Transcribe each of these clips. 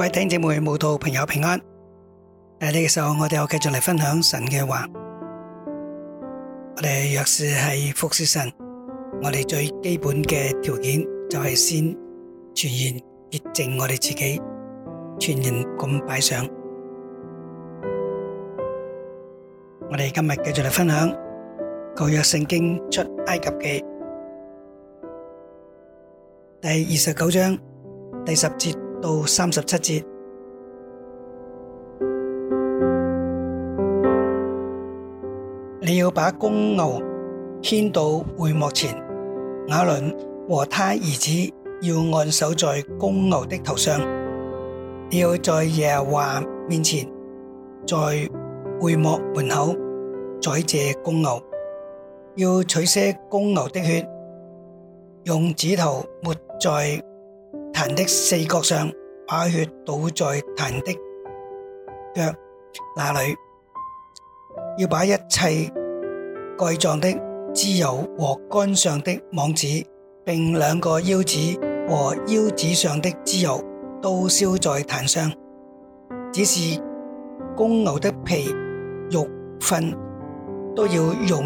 各位弟兄姐妹、慕道朋友平安。喺呢個時候，我哋又繼續嚟分享神嘅話。我哋若是係服侍神，我哋最基本嘅條件就係先全然潔淨我哋自己，全然咁擺上。我哋今日繼續嚟分享舊約聖經出埃及記第二十九章第十節。到三十七節，你要把公牛牽到會幕前，亞倫和他兒子要按手在公牛的頭上，你要在耶和華面前，在會幕門口宰這公牛，要取些公牛的血，用指頭抹在壇的四角上。把血倒在壇的腳那裏，要把一切蓋臟的脂油和肝上的網子，並兩個腰子和腰子上的脂油都燒在壇上，只是公牛的皮肉糞都要用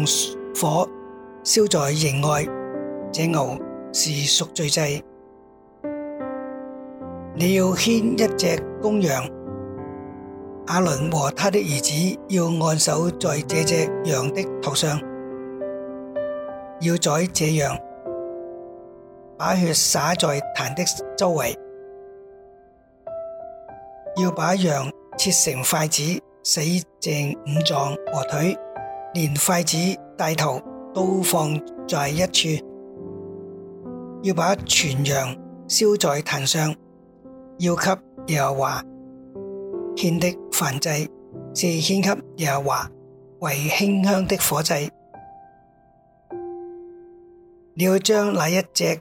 火燒在營外。這牛是贖罪祭。你要牽一隻公羊，阿倫和他的兒子要按手在這隻羊的頭上，要宰這羊，把血灑在壇的周圍，要把羊切成筷子，洗淨五臟和腿，連筷子帶頭都放在一處，要把全羊燒在壇上。要給耶和華獻的燔祭是獻給耶和華為馨香的火祭，你要將那一隻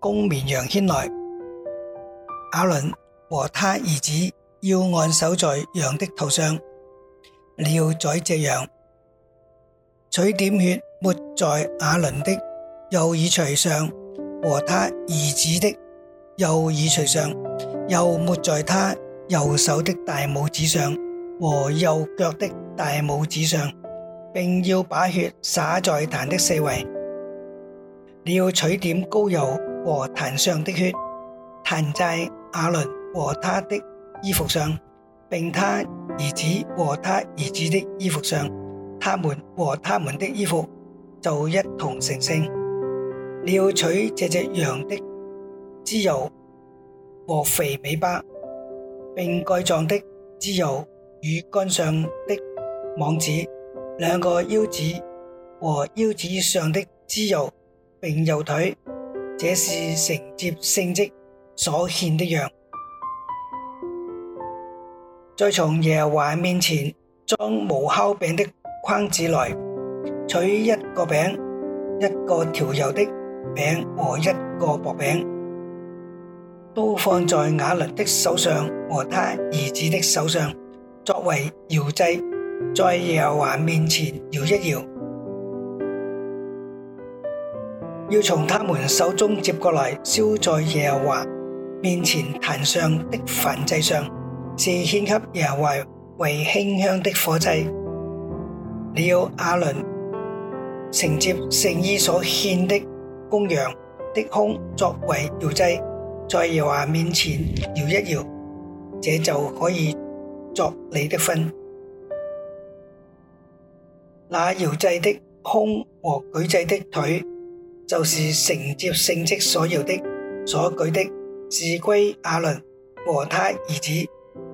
公綿羊牽來，亞倫和他兒子要按手在羊的頭上，你要宰隻羊，取點血抹在亞倫的右耳垂上和他兒子的右耳垂上。又抹在他右手的大拇指上和右腳的大拇指上，並要把血灑在壇的四圍。你要取點膏油和壇上的血，彈在亞倫和他的衣服上，並他兒子和他兒子的衣服上，他們和他們的衣服就一同成聖。你要取這隻羊的脂油。和肥尾巴，並蓋狀的脂油與肝上的網子，兩個腰子和腰子上的脂油，並右腿，這是承接聖職所獻的羊。再從耶和華面前裝無酵餅的框子內，取一個餅、一個調油的餅和一個薄餅。都放在亞倫的手上和他兒子的手上，作為搖祭，在耶和華面前搖一搖，要從他們手中接過來燒在耶和華面前壇上的燔祭上，是獻給耶和華為馨香的火祭。你要亞倫承接聖衣所獻的公羊的胸，作為搖祭。在耶和華面前搖一搖，這就可以作你的分。那搖祭的胸和舉祭的腿，就是承接聖職所搖的所舉的，是歸亞倫和他兒子。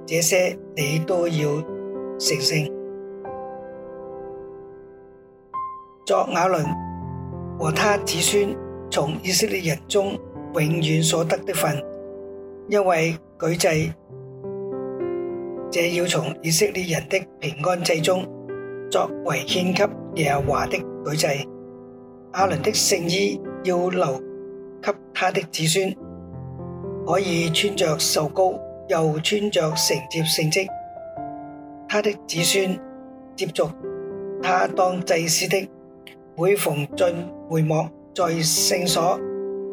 這些你都要成聖。作亞倫和他子孫從以色列人中。永遠所得的份，因為舉祭，這要從以色列人的平安祭中作為獻給耶和華的舉祭。亞倫的聖衣要留給他的子孫，可以穿着受膏，又穿着承接聖職。他的子孫接續他當祭司的，每逢進會幕，在聖所。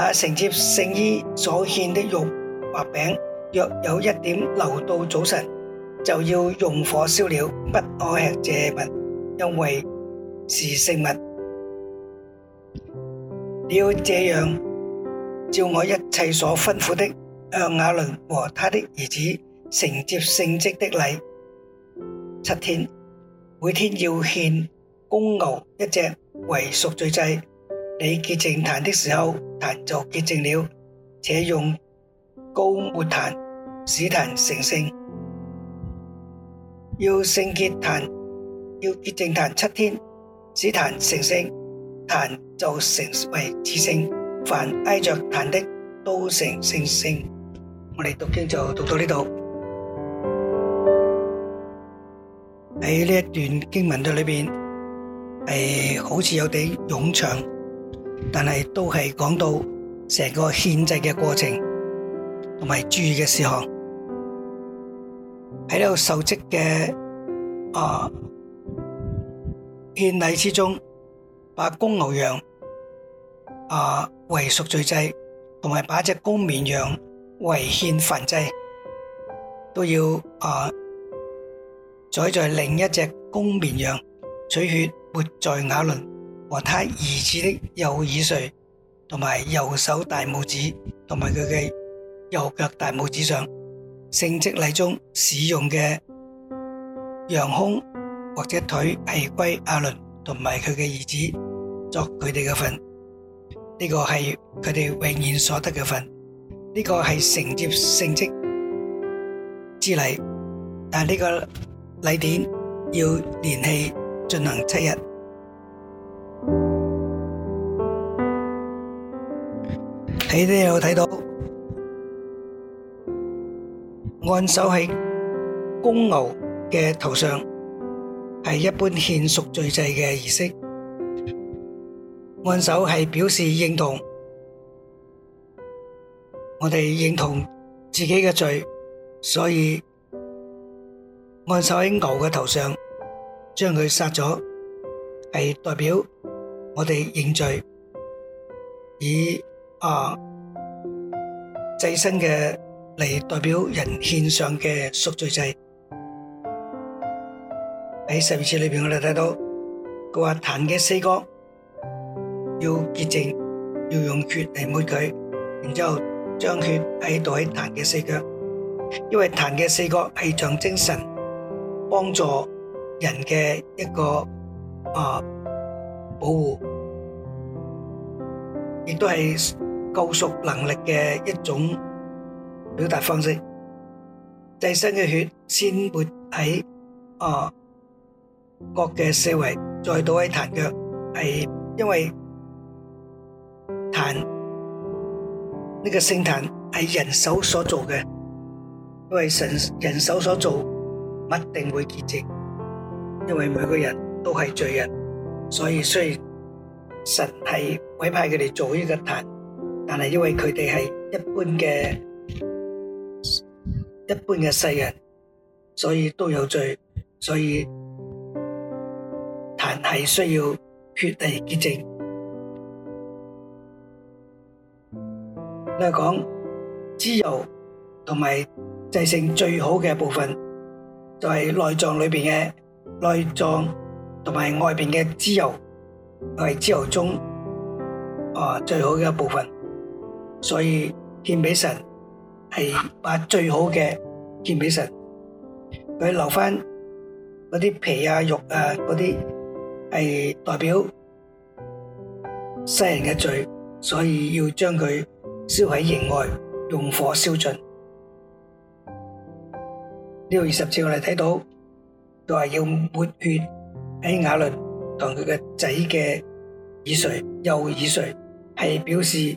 那承接聖衣所獻的肉或餅，若有一點留到早晨，就要用火燒了，不可吃這物，因為是聖物。你要這樣照我一切所吩咐的，向亞倫和他的兒子承接聖職的禮，七天，每天要獻公牛一隻為贖罪祭。你潔淨壇的時候，壇就潔淨了。且用膏抹壇使壇成聖，要聖潔壇，要潔淨壇七天，使壇成聖，壇就成為至聖。凡挨着壇的都成聖聖。我哋讀經就讀到呢度。喺呢一段經文嘅裏邊，係好似有啲冗長。但係都係講到成個獻祭嘅過程，同埋注意嘅事項，喺呢個受職嘅啊獻禮之中，把公牛羊啊為贖罪祭，同埋把隻公綿羊為獻燔祭，都要啊宰在另一隻公綿羊取血抹在亞倫。和他兒子的右耳垂同埋右手大拇指同埋佢嘅右腳大拇指上，聖職禮中使用嘅羊胸或者腿係歸阿倫同埋佢嘅兒子作佢哋嘅份，呢個係佢哋永遠所得嘅份，呢個係承接聖職之禮，但呢個禮典要連續進行七日。你都有睇到，按手喺公牛嘅頭上，係一般獻贖罪祭嘅儀式。按手係表示認同，我哋認同自己嘅罪，所以按手喺牛嘅頭上，將佢殺咗，係代表我哋認罪，以。啊！祭司嘅嚟代表人獻上嘅贖罪祭喺十二次裏邊，我哋睇到佢話壇嘅四角要潔淨，要用血嚟抹佢，然之後將血喺度喺壇嘅四角，因為壇嘅四角係象徵神，幫助人嘅一個啊保護，亦都係。救贖能力嘅一種表達方式，祭牲嘅血先抹喺啊角嘅四圍，再倒喺壇腳，係因為壇呢個聖壇係人手所做嘅，因為神人手所做，必定會潔淨，因為每個人都係罪人，所以需要神係委派佢哋做呢個壇。但係因為佢哋係一般嘅、一般嘅世人，所以都有罪，所以但係需要血嚟潔淨。我講脂油同埋祭牲最好嘅部分，就係內臟裏邊嘅內臟同埋外邊嘅脂油，就係脂油中啊，最好嘅部分。所以獻俾神係把最好嘅獻俾神，佢留翻嗰啲皮啊肉啊嗰啲係代表世人嘅罪，所以要將佢燒喺營外，用火燒盡。呢度二十節我哋睇到都係要抹血喺亞倫同佢嘅仔嘅耳垂、右耳垂，係表示。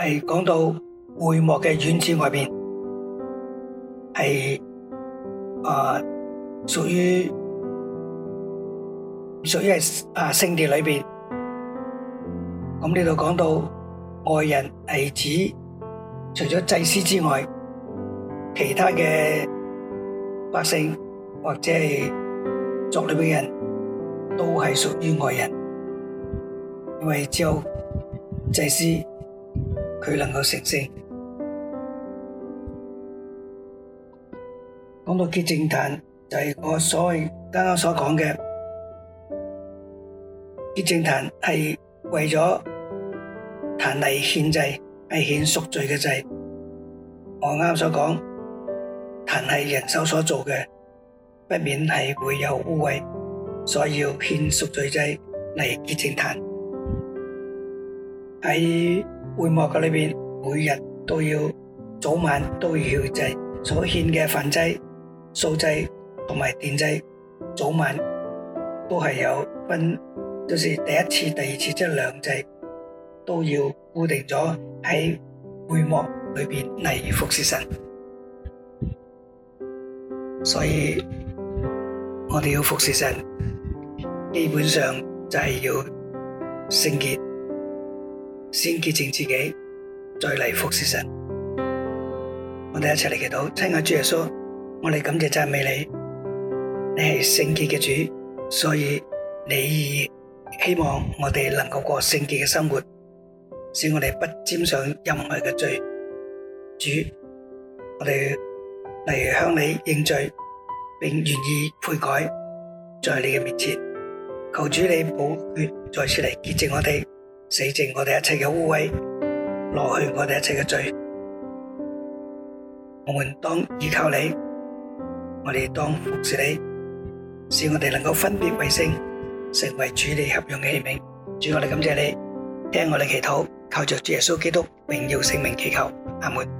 係講到會幕嘅院子外面，係啊、呃、屬於屬於係啊聖殿裏邊。咁呢度講到外人係指除咗祭司之外，其他嘅百姓或者係族裏邊嘅人都係屬於外人，因為只有祭司。佢能夠成聖。講到潔淨壇，就係，是，我所啱啱所講嘅潔淨壇係為咗壇嚟獻祭，係獻贖罪嘅祭。我啱啱所講，壇係人手所做嘅，不免係會有污穢，所以要獻贖罪祭嚟潔淨壇係。會幕嘅裏面，每日都要早晚都要曉制所獻嘅燔祭、素祭同埋奠祭，早晚都係有分，就是第一次、第二次即係兩祭都要固定咗喺會幕裏面嚟服侍神，所以我哋要服侍神，基本上就係要聖潔。先潔淨自己，再嚟服侍神。我哋一齊嚟祈禱，親愛的主耶穌，我哋感謝讚美你，你係聖潔嘅主，所以你以希望我哋能夠過聖潔嘅生活，使我哋不沾上任何嘅罪。主，我哋嚟向你認罪，並願意悔改，在你嘅面前，求主你寶血，再次嚟潔淨我哋。洗淨我哋一切嘅污穢，落去我哋一切嘅罪。我們當依靠你，我哋當服侍你，使我哋能夠分別為聖，成為主你合用嘅器皿。主，我哋感謝你，聽我哋祈禱，靠着主耶穌基督榮耀聖名祈求。阿門。